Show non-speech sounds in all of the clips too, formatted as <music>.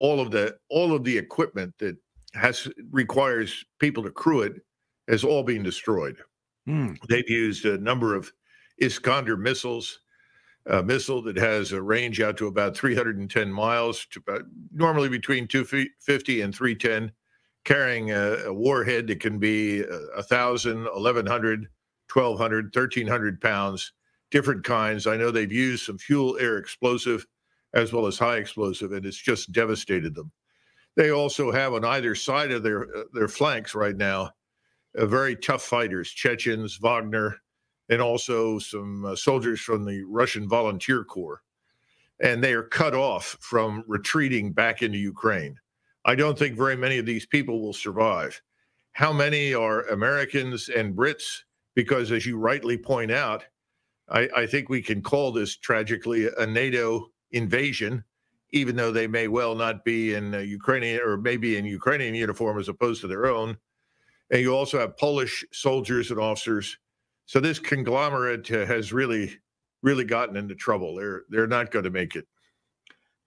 all of the all of the equipment that has requires people to crew it has all been destroyed. Mm. They've used a number of Iskander missiles, a missile that has a range out to about 310 miles, to about, normally between 250 and 310, carrying a, a warhead that can be 1,000, uh, 1,100, 1,200, 1,300 pounds, different kinds. I know they've used some fuel air explosive as well as high explosive, and it's just devastated them. They also have on either side of their uh, their flanks right now uh, very tough fighters, Chechens, Wagner, and also some uh, soldiers from the Russian Volunteer Corps, and they are cut off from retreating back into Ukraine. I don't think very many of these people will survive. How many are Americans and Brits? Because, as you rightly point out, I, I think we can call this tragically a NATO invasion, even though they may well not be in Ukrainian or maybe in Ukrainian uniform as opposed to their own. And you also have Polish soldiers and officers. So this conglomerate uh, has really, really gotten into trouble. They're they're not going to make it.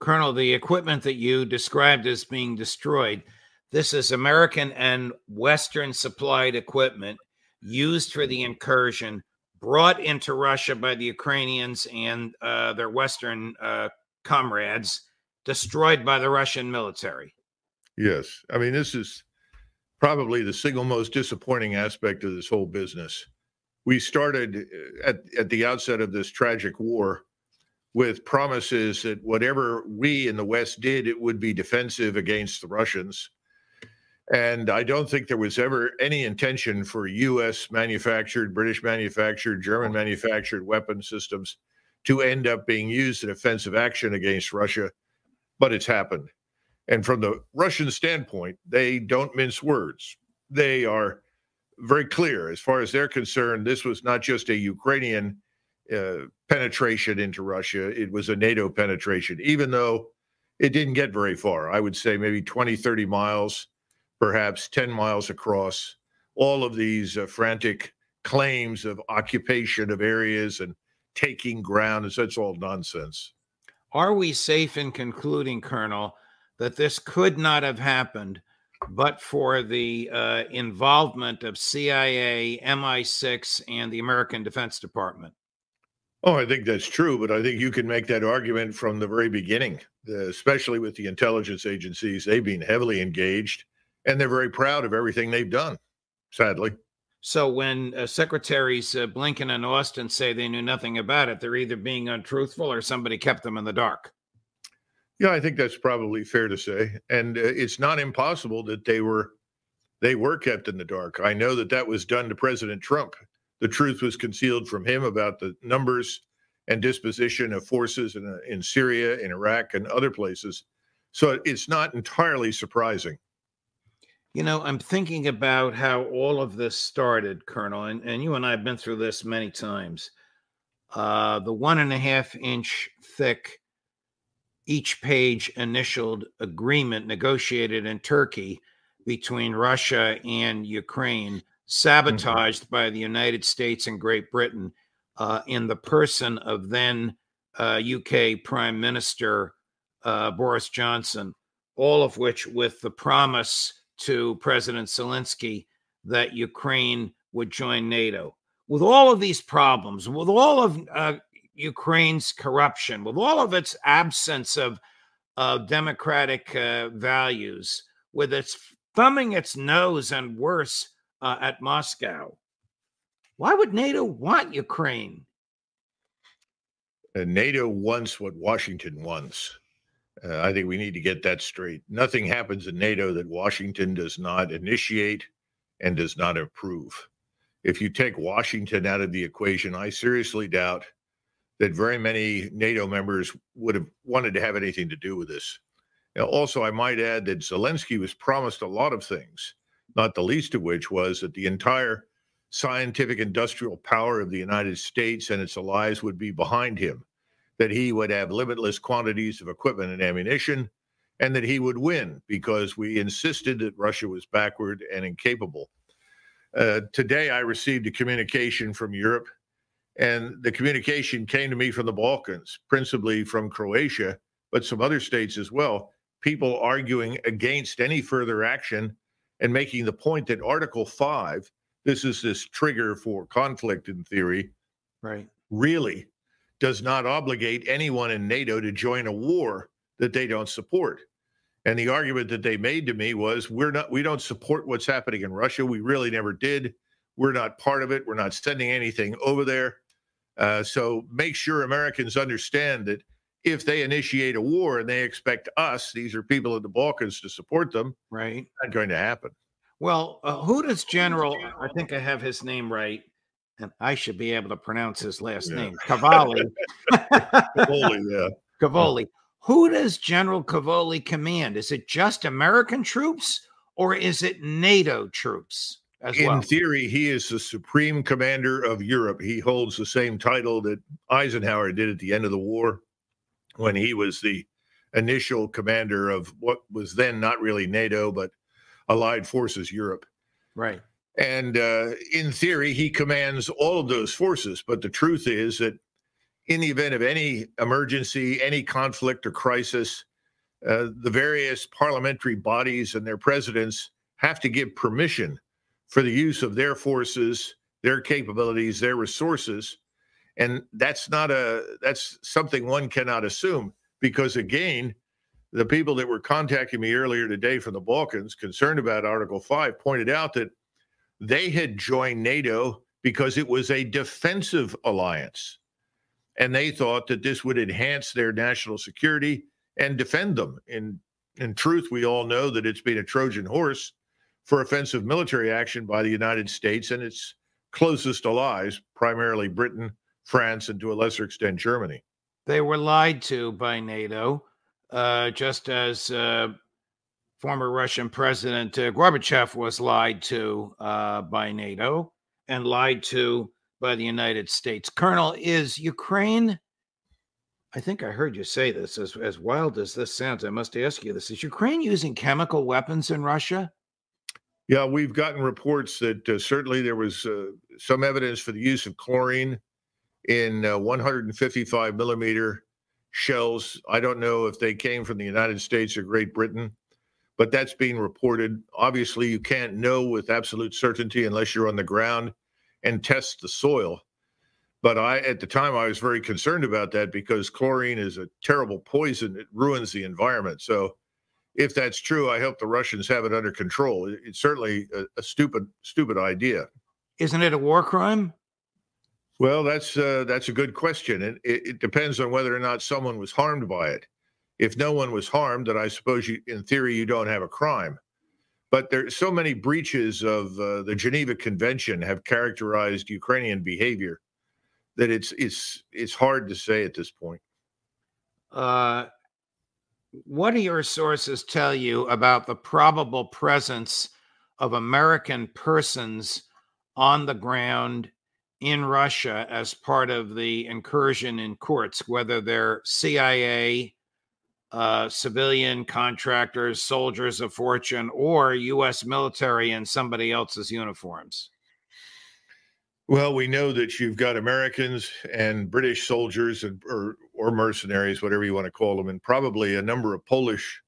Colonel, the equipment that you described as being destroyed, this is American and Western supplied equipment used for the mm-hmm. incursion brought into Russia by the Ukrainians and uh, their Western uh, comrades, destroyed by the Russian military. Yes. I mean, this is probably the single most disappointing aspect of this whole business. We started uh, at, at the outset of this tragic war with promises that whatever we in the West did, it would be defensive against the Russians. And I don't think there was ever any intention for US manufactured, British manufactured, German manufactured weapon systems to end up being used in offensive action against Russia, but it's happened. And from the Russian standpoint, they don't mince words. They are very clear. As far as they're concerned, this was not just a Ukrainian uh, penetration into Russia, it was a NATO penetration, even though it didn't get very far. I would say maybe 20, 30 miles perhaps 10 miles across. All of these uh, frantic claims of occupation of areas and taking ground, and such all nonsense. Are we safe in concluding, Colonel, that this could not have happened but for the uh, involvement of CIA, MI6, and the American Defense Department? Oh, I think that's true, but I think you can make that argument from the very beginning, uh, especially with the intelligence agencies. They've been heavily engaged and they're very proud of everything they've done, sadly. So when uh, secretaries uh, Blinken and Austin say they knew nothing about it, they're either being untruthful or somebody kept them in the dark. Yeah, I think that's probably fair to say, and uh, it's not impossible that they were they were kept in the dark. I know that that was done to President Trump. The truth was concealed from him about the numbers and disposition of forces in, uh, in Syria, in Iraq, and other places. So it's not entirely surprising. You know, I'm thinking about how all of this started, Colonel, and, and you and I have been through this many times. Uh, the one and a half inch thick, each page initialed agreement negotiated in Turkey between Russia and Ukraine, mm-hmm. sabotaged mm-hmm. by the United States and Great Britain uh, in the person of then uh, UK Prime Minister uh, Boris Johnson, all of which with the promise to President Zelensky that Ukraine would join NATO. With all of these problems, with all of uh, Ukraine's corruption, with all of its absence of, of democratic uh, values, with its thumbing its nose and worse uh, at Moscow, why would NATO want Ukraine? Uh, NATO wants what Washington wants. Uh, I think we need to get that straight. Nothing happens in NATO that Washington does not initiate and does not approve. If you take Washington out of the equation, I seriously doubt that very many NATO members would have wanted to have anything to do with this. Now, also, I might add that Zelensky was promised a lot of things, not the least of which was that the entire scientific industrial power of the United States and its allies would be behind him that he would have limitless quantities of equipment and ammunition, and that he would win because we insisted that Russia was backward and incapable. Uh, today, I received a communication from Europe, and the communication came to me from the Balkans, principally from Croatia, but some other states as well. People arguing against any further action and making the point that Article 5, this is this trigger for conflict in theory, right. really does not obligate anyone in NATO to join a war that they don't support. And the argument that they made to me was we're not we don't support what's happening in Russia. We really never did. We're not part of it. We're not sending anything over there. Uh, so make sure Americans understand that if they initiate a war and they expect us, these are people in the Balkans, to support them, right? Not going to happen. Well, uh, who does General? I think I have his name right and I should be able to pronounce his last yeah. name, Cavalli. Cavoli, <laughs> yeah. Cavoli. Who does General Cavoli command? Is it just American troops or is it NATO troops? In well? theory, he is the supreme commander of Europe. He holds the same title that Eisenhower did at the end of the war when he was the initial commander of what was then not really NATO, but Allied Forces Europe. Right. And uh, in theory, he commands all of those forces. But the truth is that in the event of any emergency, any conflict or crisis, uh, the various parliamentary bodies and their presidents have to give permission for the use of their forces, their capabilities, their resources. And that's not a that's something one cannot assume because again, the people that were contacting me earlier today from the Balkans concerned about Article 5 pointed out that they had joined NATO because it was a defensive alliance. And they thought that this would enhance their national security and defend them. In, in truth, we all know that it's been a Trojan horse for offensive military action by the United States and its closest allies, primarily Britain, France, and to a lesser extent, Germany. They were lied to by NATO, uh, just as uh, former Russian President uh, Gorbachev was lied to uh, by NATO and lied to by the United States. Colonel, is Ukraine? I think I heard you say this. As, as wild as this sounds, I must ask you this: Is Ukraine using chemical weapons in Russia? Yeah, we've gotten reports that uh, certainly there was uh, some evidence for the use of chlorine in uh, 155 millimeter shells. I don't know if they came from the United States or Great Britain but that's being reported. Obviously, you can't know with absolute certainty unless you're on the ground and test the soil. But I, at the time, I was very concerned about that because chlorine is a terrible poison. It ruins the environment. So, if that's true, I hope the Russians have it under control. It's certainly a, a stupid, stupid idea. Isn't it a war crime? Well, that's uh, that's a good question, and it, it depends on whether or not someone was harmed by it if no one was harmed, then I suppose you, in theory, you don't have a crime. But there, so many breaches of uh, the Geneva Convention have characterized Ukrainian behavior that it's it's it's hard to say at this point. Uh, what do your sources tell you about the probable presence of American persons on the ground in Russia as part of the incursion in courts? whether they're CIA uh, civilian contractors, soldiers of fortune, or U.S. military in somebody else's uniforms? Well, we know that you've got Americans and British soldiers and, or, or mercenaries, whatever you want to call them, and probably a number of Polish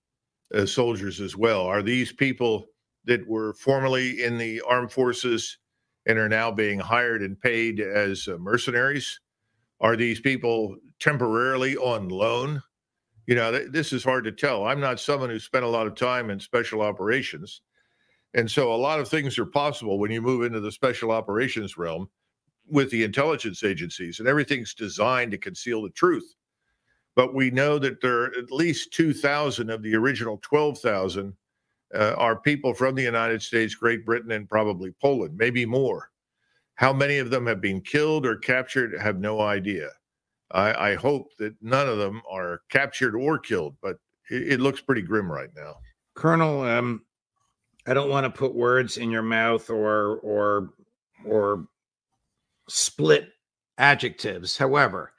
uh, soldiers as well. Are these people that were formerly in the armed forces and are now being hired and paid as uh, mercenaries? Are these people temporarily on loan you know, th- this is hard to tell. I'm not someone who spent a lot of time in special operations. And so a lot of things are possible when you move into the special operations realm with the intelligence agencies, and everything's designed to conceal the truth. But we know that there are at least 2,000 of the original 12,000 uh, are people from the United States, Great Britain, and probably Poland, maybe more. How many of them have been killed or captured? Have no idea. I, I hope that none of them are captured or killed, but it, it looks pretty grim right now. Colonel, um, I don't want to put words in your mouth or or or split adjectives. However,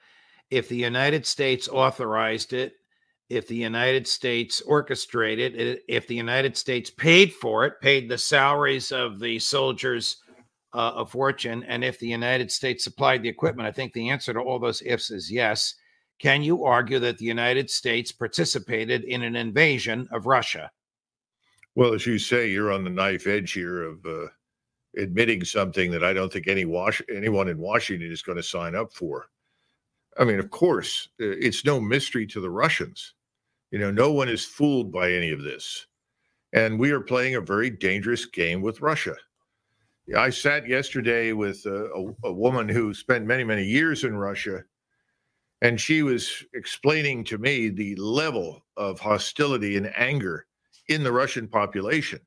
if the United States authorized it, if the United States orchestrated it, if the United States paid for it, paid the salaries of the soldiers uh, a fortune? And if the United States supplied the equipment, I think the answer to all those ifs is yes. Can you argue that the United States participated in an invasion of Russia? Well, as you say, you're on the knife edge here of uh, admitting something that I don't think any Was- anyone in Washington is going to sign up for. I mean, of course, uh, it's no mystery to the Russians. You know, no one is fooled by any of this. And we are playing a very dangerous game with Russia. I sat yesterday with a, a, a, woman who spent many, many years in Russia, and she was explaining to me the level of hostility and anger in the Russian population.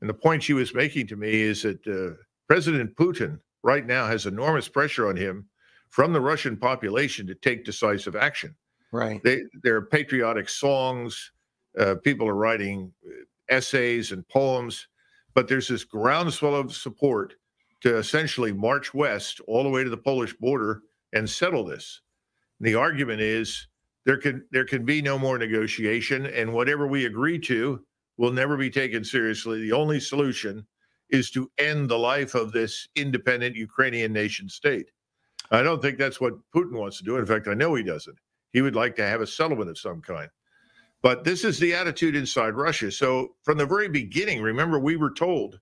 And the point she was making to me is that uh, President Putin right now has enormous pressure on him from the Russian population to take decisive action. Right. They, there are patriotic songs. Uh, people are writing uh, essays and poems but there's this groundswell of support to essentially march west all the way to the Polish border and settle this. And the argument is there can there can be no more negotiation, and whatever we agree to will never be taken seriously. The only solution is to end the life of this independent Ukrainian nation state. I don't think that's what Putin wants to do. In fact, I know he doesn't. He would like to have a settlement of some kind. But this is the attitude inside Russia. So from the very beginning, remember, we were told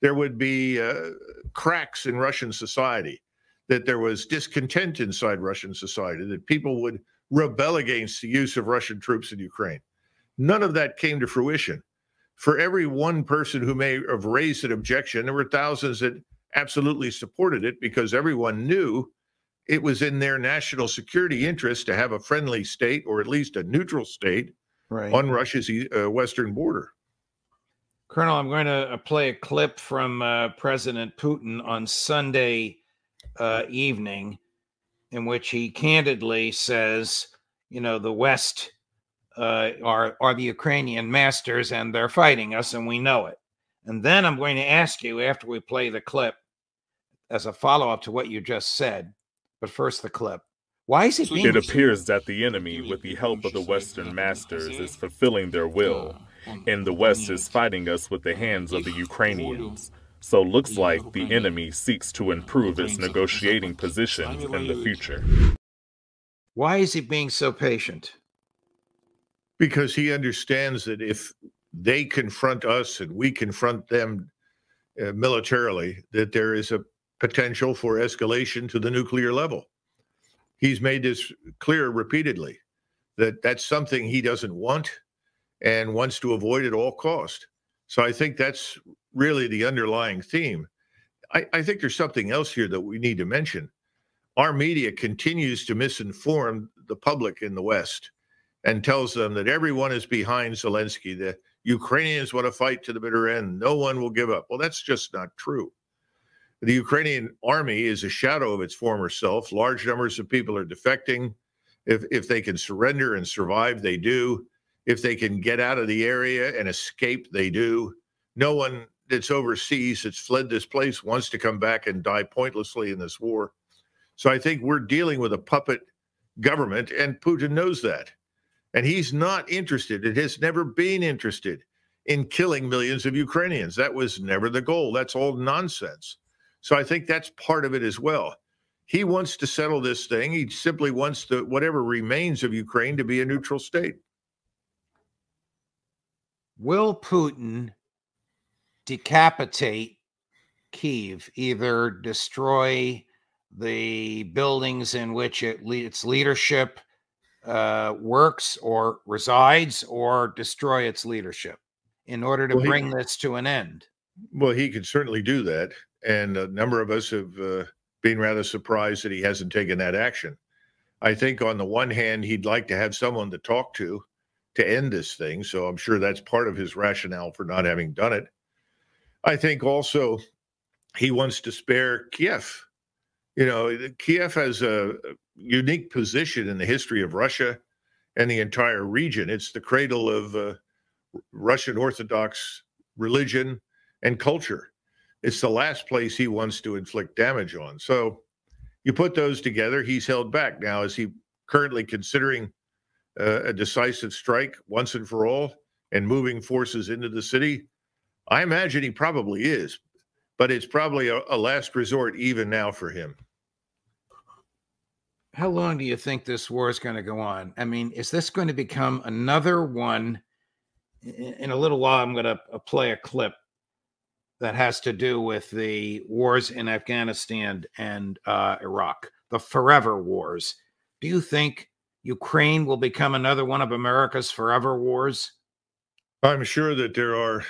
there would be uh, cracks in Russian society, that there was discontent inside Russian society, that people would rebel against the use of Russian troops in Ukraine. None of that came to fruition. For every one person who may have raised an objection, there were thousands that absolutely supported it because everyone knew it was in their national security interest to have a friendly state or at least a neutral state right. on Russia's uh, western border. Colonel, I'm going to uh, play a clip from uh, President Putin on Sunday uh, evening, in which he candidly says, "You know, the West uh, are are the Ukrainian masters, and they're fighting us, and we know it." And then I'm going to ask you after we play the clip, as a follow up to what you just said, but first the clip. Why is it being... It appears that the enemy, with the help of the Western masters, is fulfilling their will, and the West is fighting us with the hands of the Ukrainians. So looks like the enemy seeks to uh, improve its negotiating position in the future. Why is he being so patient? Because he understands that if they confront us and we confront them uh, militarily, that there is a potential for escalation to the nuclear level he's made this clear repeatedly that that's something he doesn't want and wants to avoid at all cost. So I think that's really the underlying theme. I, I think there's something else here that we need to mention. Our media continues to misinform the public in the West and tells them that everyone is behind Zelensky, the Ukrainians want to fight to the bitter end, no one will give up. Well, that's just not true. The Ukrainian army is a shadow of its former self. Large numbers of people are defecting. If, if they can surrender and survive, they do. If they can get out of the area and escape, they do. No one that's overseas that's fled this place wants to come back and die pointlessly in this war. So I think we're dealing with a puppet government, and Putin knows that. And he's not interested, it has never been interested in killing millions of Ukrainians. That was never the goal. That's all nonsense. So I think that's part of it as well. He wants to settle this thing. He simply wants the whatever remains of Ukraine to be a neutral state. Will Putin decapitate Kiev, either destroy the buildings in which it le- its leadership uh, works or resides, or destroy its leadership in order to well, bring he, this to an end? Well, he could certainly do that and a number of us have uh, been rather surprised that he hasn't taken that action. I think on the one hand, he'd like to have someone to talk to to end this thing. So I'm sure that's part of his rationale for not having done it. I think also he wants to spare Kiev. You know, Kiev has a unique position in the history of Russia and the entire region. It's the cradle of uh, Russian Orthodox religion and culture. It's the last place he wants to inflict damage on. So you put those together, he's held back. Now, is he currently considering uh, a decisive strike once and for all and moving forces into the city? I imagine he probably is, but it's probably a, a last resort even now for him how long do you think this war is going to go on? I mean, is this going to become another one? In a little while, I'm going to uh, play a clip that has to do with the wars in Afghanistan and uh, Iraq, the forever wars. Do you think Ukraine will become another one of America's forever wars? I'm sure that there are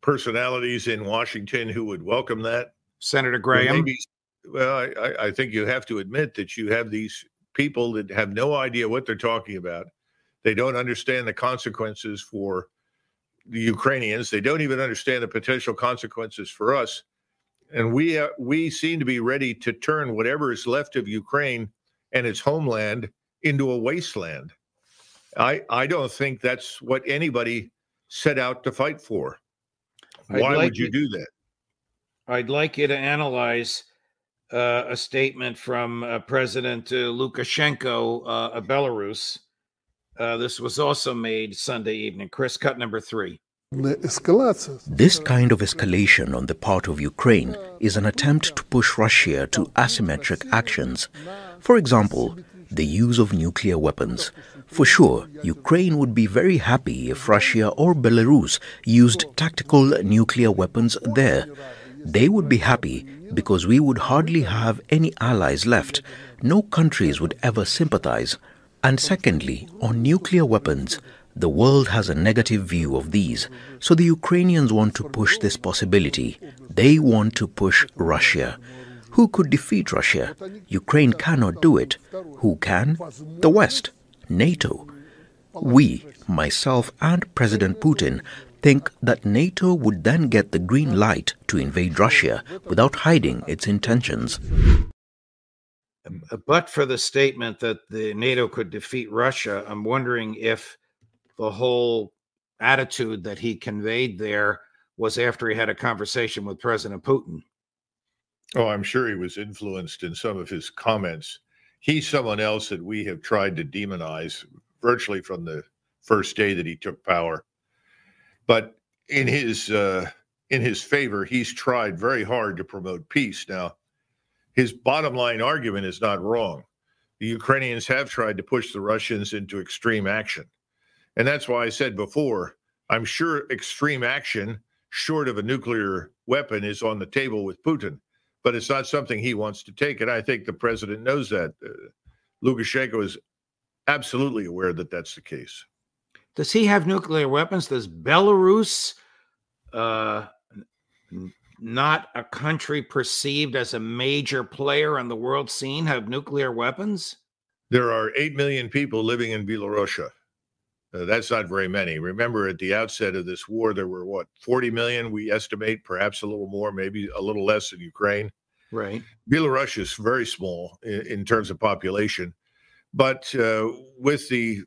personalities in Washington who would welcome that. Senator Graham. Maybe, well, I, I think you have to admit that you have these people that have no idea what they're talking about. They don't understand the consequences for the Ukrainians. They don't even understand the potential consequences for us. And we, uh, we seem to be ready to turn whatever is left of Ukraine and its homeland into a wasteland. I, I don't think that's what anybody set out to fight for. Why like would you do that? I'd like you to analyze uh, a statement from uh, President uh, Lukashenko uh, of Belarus uh, this was also made Sunday evening. Chris, cut number three. This kind of escalation on the part of Ukraine is an attempt to push Russia to asymmetric actions. For example, the use of nuclear weapons. For sure, Ukraine would be very happy if Russia or Belarus used tactical nuclear weapons there. They would be happy because we would hardly have any allies left. No countries would ever sympathize. And secondly, on nuclear weapons, the world has a negative view of these, so the Ukrainians want to push this possibility. They want to push Russia. Who could defeat Russia? Ukraine cannot do it. Who can? The West, NATO. We, myself and President Putin, think that NATO would then get the green light to invade Russia without hiding its intentions. Uh, but for the statement that the NATO could defeat Russia, I'm wondering if the whole attitude that he conveyed there was after he had a conversation with President Putin. Oh, I'm sure he was influenced in some of his comments. He's someone else that we have tried to demonize virtually from the first day that he took power. But in his uh, in his favor, he's tried very hard to promote peace. Now, his bottom line argument is not wrong. The Ukrainians have tried to push the Russians into extreme action. And that's why I said before, I'm sure extreme action short of a nuclear weapon is on the table with Putin, but it's not something he wants to take. And I think the president knows that. Uh, Lukashenko is absolutely aware that that's the case. Does he have nuclear weapons? Does Belarus, uh, not a country perceived as a major player on the world scene have nuclear weapons? There are 8 million people living in Belarusia. Uh, that's not very many. Remember, at the outset of this war, there were what, 40 million, we estimate, perhaps a little more, maybe a little less in Ukraine. Right. Belarus is very small in, in terms of population. But uh, with the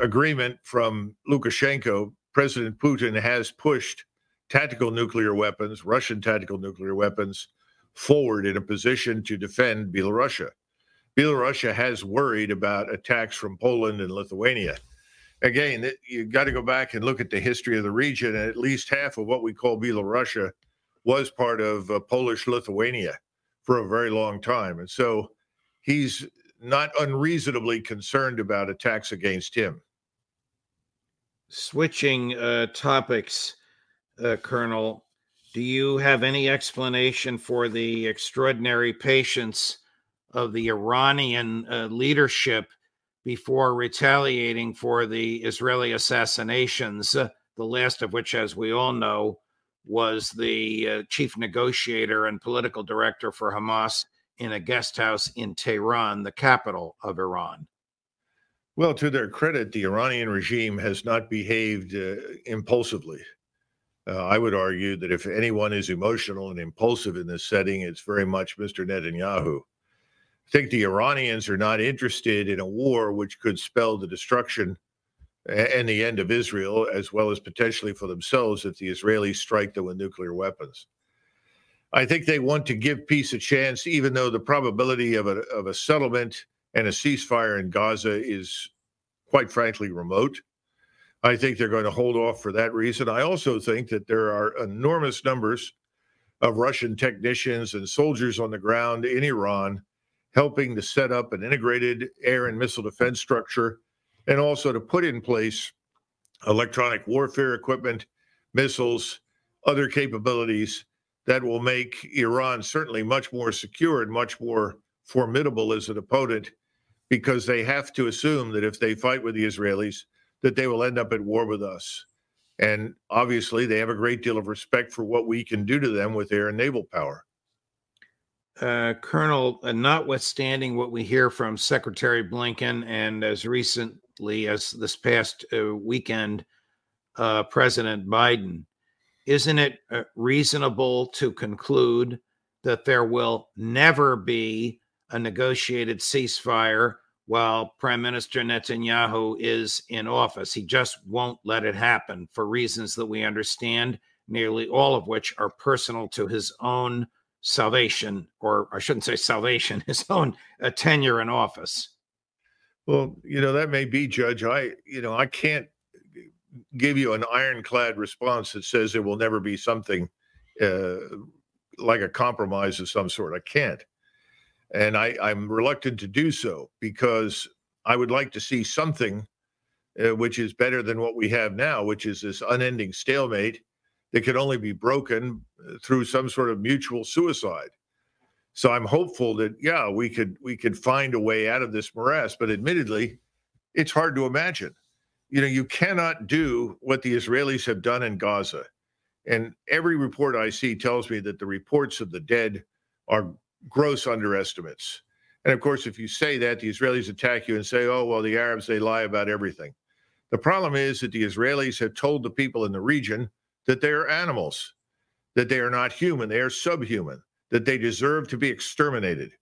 agreement from Lukashenko, President Putin has pushed tactical nuclear weapons, Russian tactical nuclear weapons, forward in a position to defend Belarusia. Belarusia has worried about attacks from Poland and Lithuania. Again, you got to go back and look at the history of the region, and at least half of what we call Belarusia was part of uh, Polish Lithuania for a very long time. And so he's not unreasonably concerned about attacks against him. Switching uh, topics, uh, Colonel, do you have any explanation for the extraordinary patience of the Iranian uh, leadership before retaliating for the Israeli assassinations, uh, the last of which, as we all know, was the uh, chief negotiator and political director for Hamas in a guest house in Tehran, the capital of Iran. Well, to their credit, the Iranian regime has not behaved uh, impulsively. Uh, I would argue that if anyone is emotional and impulsive in this setting, it's very much Mr. Netanyahu. I think the Iranians are not interested in a war which could spell the destruction and the end of Israel, as well as potentially for themselves if the Israelis strike them with nuclear weapons. I think they want to give peace a chance, even though the probability of a, of a settlement and a ceasefire in Gaza is quite frankly remote. I think they're going to hold off for that reason. I also think that there are enormous numbers of Russian technicians and soldiers on the ground in Iran helping to set up an integrated air and missile defense structure and also to put in place electronic warfare equipment, missiles, other capabilities that will make Iran certainly much more secure and much more formidable as an opponent because they have to assume that if they fight with the Israelis, that they will end up at war with us. And obviously, they have a great deal of respect for what we can do to them with air and naval power. Uh, Colonel, uh, notwithstanding what we hear from Secretary Blinken and as recently as this past uh, weekend, uh, President Biden, isn't it uh, reasonable to conclude that there will never be a negotiated ceasefire while Prime Minister Netanyahu is in office. He just won't let it happen for reasons that we understand, nearly all of which are personal to his own salvation, or I shouldn't say salvation, <laughs> his own uh, tenure in office. Well, you know, that may be, Judge. I, you know, I can't uh, give you an ironclad response that says there will never be something uh, like a compromise of some sort. I can't. And I, I'm reluctant to do so because I would like to see something uh, which is better than what we have now, which is this unending stalemate that can only be broken uh, through some sort of mutual suicide. So I'm hopeful that yeah, we could we could find a way out of this morass. But admittedly, it's hard to imagine. You know, you cannot do what the Israelis have done in Gaza. And every report I see tells me that the reports of the dead are gross underestimates. And of course, if you say that, the Israelis attack you and say, oh, well, the Arabs, they lie about everything. The problem is that the Israelis have told the people in the region that they are animals, that they are not human, they are subhuman, that they deserve to be exterminated.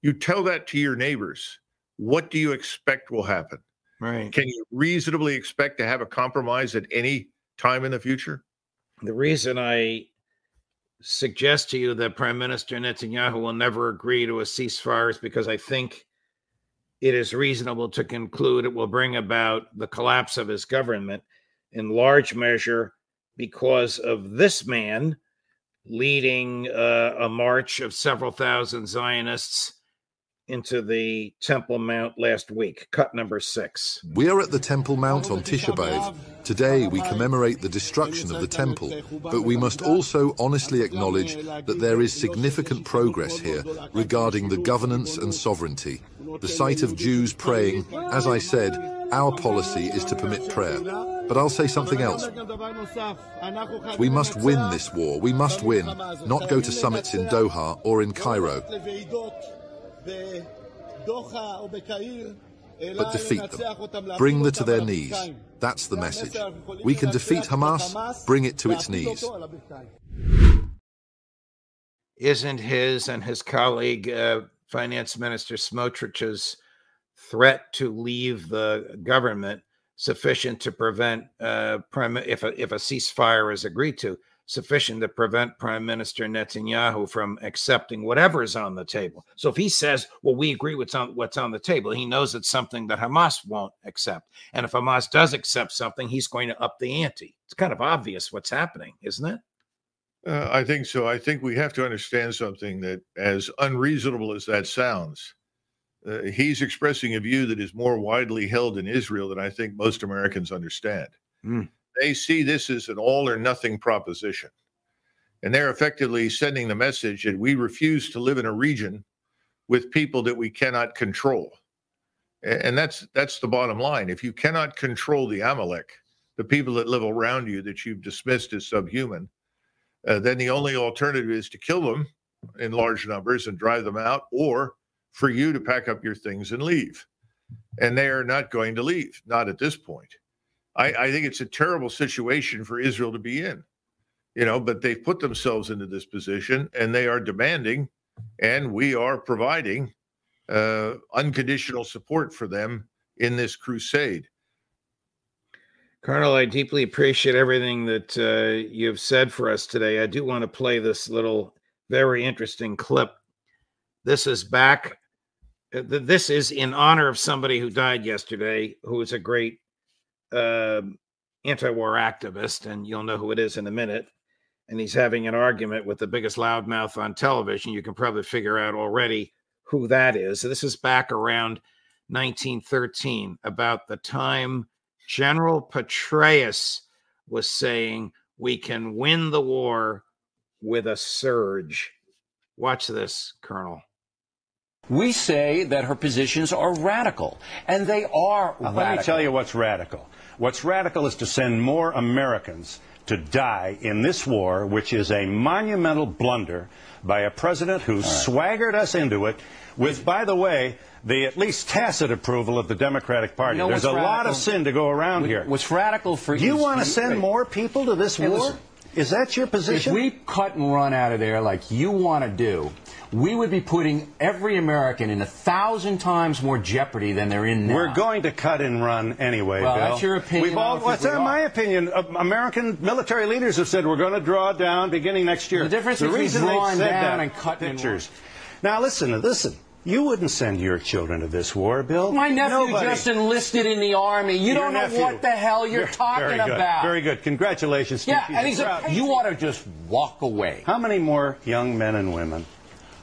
You tell that to your neighbors. What do you expect will happen? Right. Can you reasonably expect to have a compromise at any time in the future? The reason I suggest to you that Prime Minister Netanyahu will never agree to a ceasefire is because I think it is reasonable to conclude it will bring about the collapse of his government in large measure because of this man leading uh, a march of several thousand Zionists into the Temple Mount last week, cut number six. We are at the Temple Mount on Tisha B'Av. Today we commemorate the destruction of the Temple, but we must also honestly acknowledge that there is significant progress here regarding the governance and sovereignty. The sight of Jews praying, as I said, our policy is to permit prayer. But I'll say something else. We must win this war. We must win, not go to summits in Doha or in Cairo but defeat them. Bring them to their knees. That's the message. We can defeat Hamas, bring it to its knees. Isn't his and his colleague, uh, Finance Minister Smotrich's threat to leave the government sufficient to prevent, uh, if, a, if a ceasefire is agreed to, sufficient to prevent Prime Minister Netanyahu from accepting whatever is on the table. So if he says, "Well, we agree what's on what's on the table," he knows it's something that Hamas won't accept. And if Hamas does accept something, he's going to up the ante. It's kind of obvious what's happening, isn't it? Uh, I think so. I think we have to understand something that, as unreasonable as that sounds, uh, he's expressing a view that is more widely held in Israel than I think most Americans understand. Mm they see this as an all or nothing proposition. And they're effectively sending the message that we refuse to live in a region with people that we cannot control. And that's that's the bottom line. If you cannot control the Amalek, the people that live around you that you've dismissed as subhuman, uh, then the only alternative is to kill them in large numbers and drive them out, or for you to pack up your things and leave. And they are not going to leave, not at this point. I, I think it's a terrible situation for Israel to be in, you know, but they've put themselves into this position and they are demanding, and we are providing uh, unconditional support for them in this crusade. Colonel, I deeply appreciate everything that uh, you've said for us today. I do want to play this little very interesting clip. This is back. Uh, this is in honor of somebody who died yesterday, who was a great uh, anti-war activist, and you'll know who it is in a minute. And he's having an argument with the biggest loudmouth on television. You can probably figure out already who that is. So this is back around 1913, about the time General Petraeus was saying, "We can win the war with a surge." Watch this, Colonel. We say that her positions are radical, and they are. radical. Let me tell you what's radical. What's radical is to send more Americans to die in this war, which is a monumental blunder by a president who right. swaggered us into it with, by the way, the at least tacit approval of the Democratic Party. You know, There's a radical, lot of sin to go around what, here. What's radical for you? You want to send more people to this war? Listen, is that your position? If we cut and run out of there like you want to do, we would be putting every American in a thousand times more jeopardy than they're in now. We're going to cut and run anyway, well, Bill. that's your opinion. We've all, we my opinion. Uh, American military leaders have said we're going to draw down beginning next year. The difference the between reason drawing down and cutting pictures. And now listen, listen. You wouldn't send your children to this war, Bill. My nephew Nobody. just enlisted in the army. You your don't nephew. know what the hell you're, you're talking very good, about. Very good. Congratulations. Yeah, and he's a, you ought to just walk away. How many more young men and women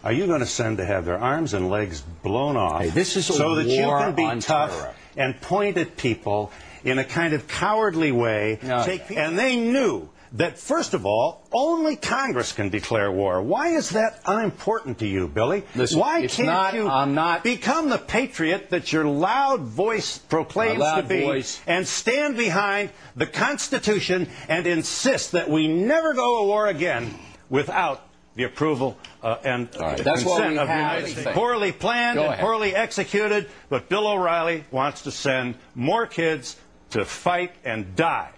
are you going to send to have their arms and legs blown off hey, this is so that you can be tough terror. and point at people in a kind of cowardly way? No, take, And they knew that, first of all, only Congress can declare war. Why is that unimportant to you, Billy? Listen, Why can't not, you I'm not, become the patriot that your loud voice proclaims loud to be voice. and stand behind the Constitution and insist that we never go to war again without the approval uh, and right. the That's consent of the United States. Poorly planned Go and ahead. poorly executed, but Bill O'Reilly wants to send more kids to fight and die.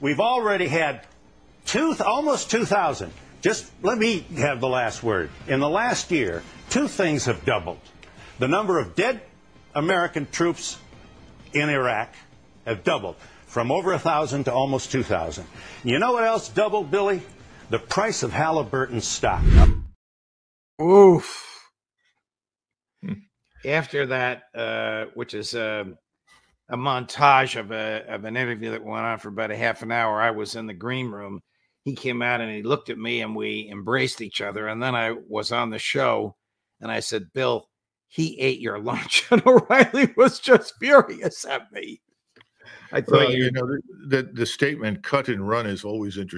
We've already had two, almost 2,000. Just let me have the last word. In the last year, two things have doubled. The number of dead American troops in Iraq have doubled from over 1,000 to almost 2,000. You know what else doubled, Billy? The price of Halliburton stock. Oof. Hmm. After that, uh, which is um, a montage of, a, of an interview that went on for about a half an hour, I was in the green room he came out and he looked at me and we embraced each other. And then I was on the show and I said, Bill, he ate your lunch. <laughs> And O'Reilly was just furious at me. I thought, well, you know, the, the statement cut and run is always interesting.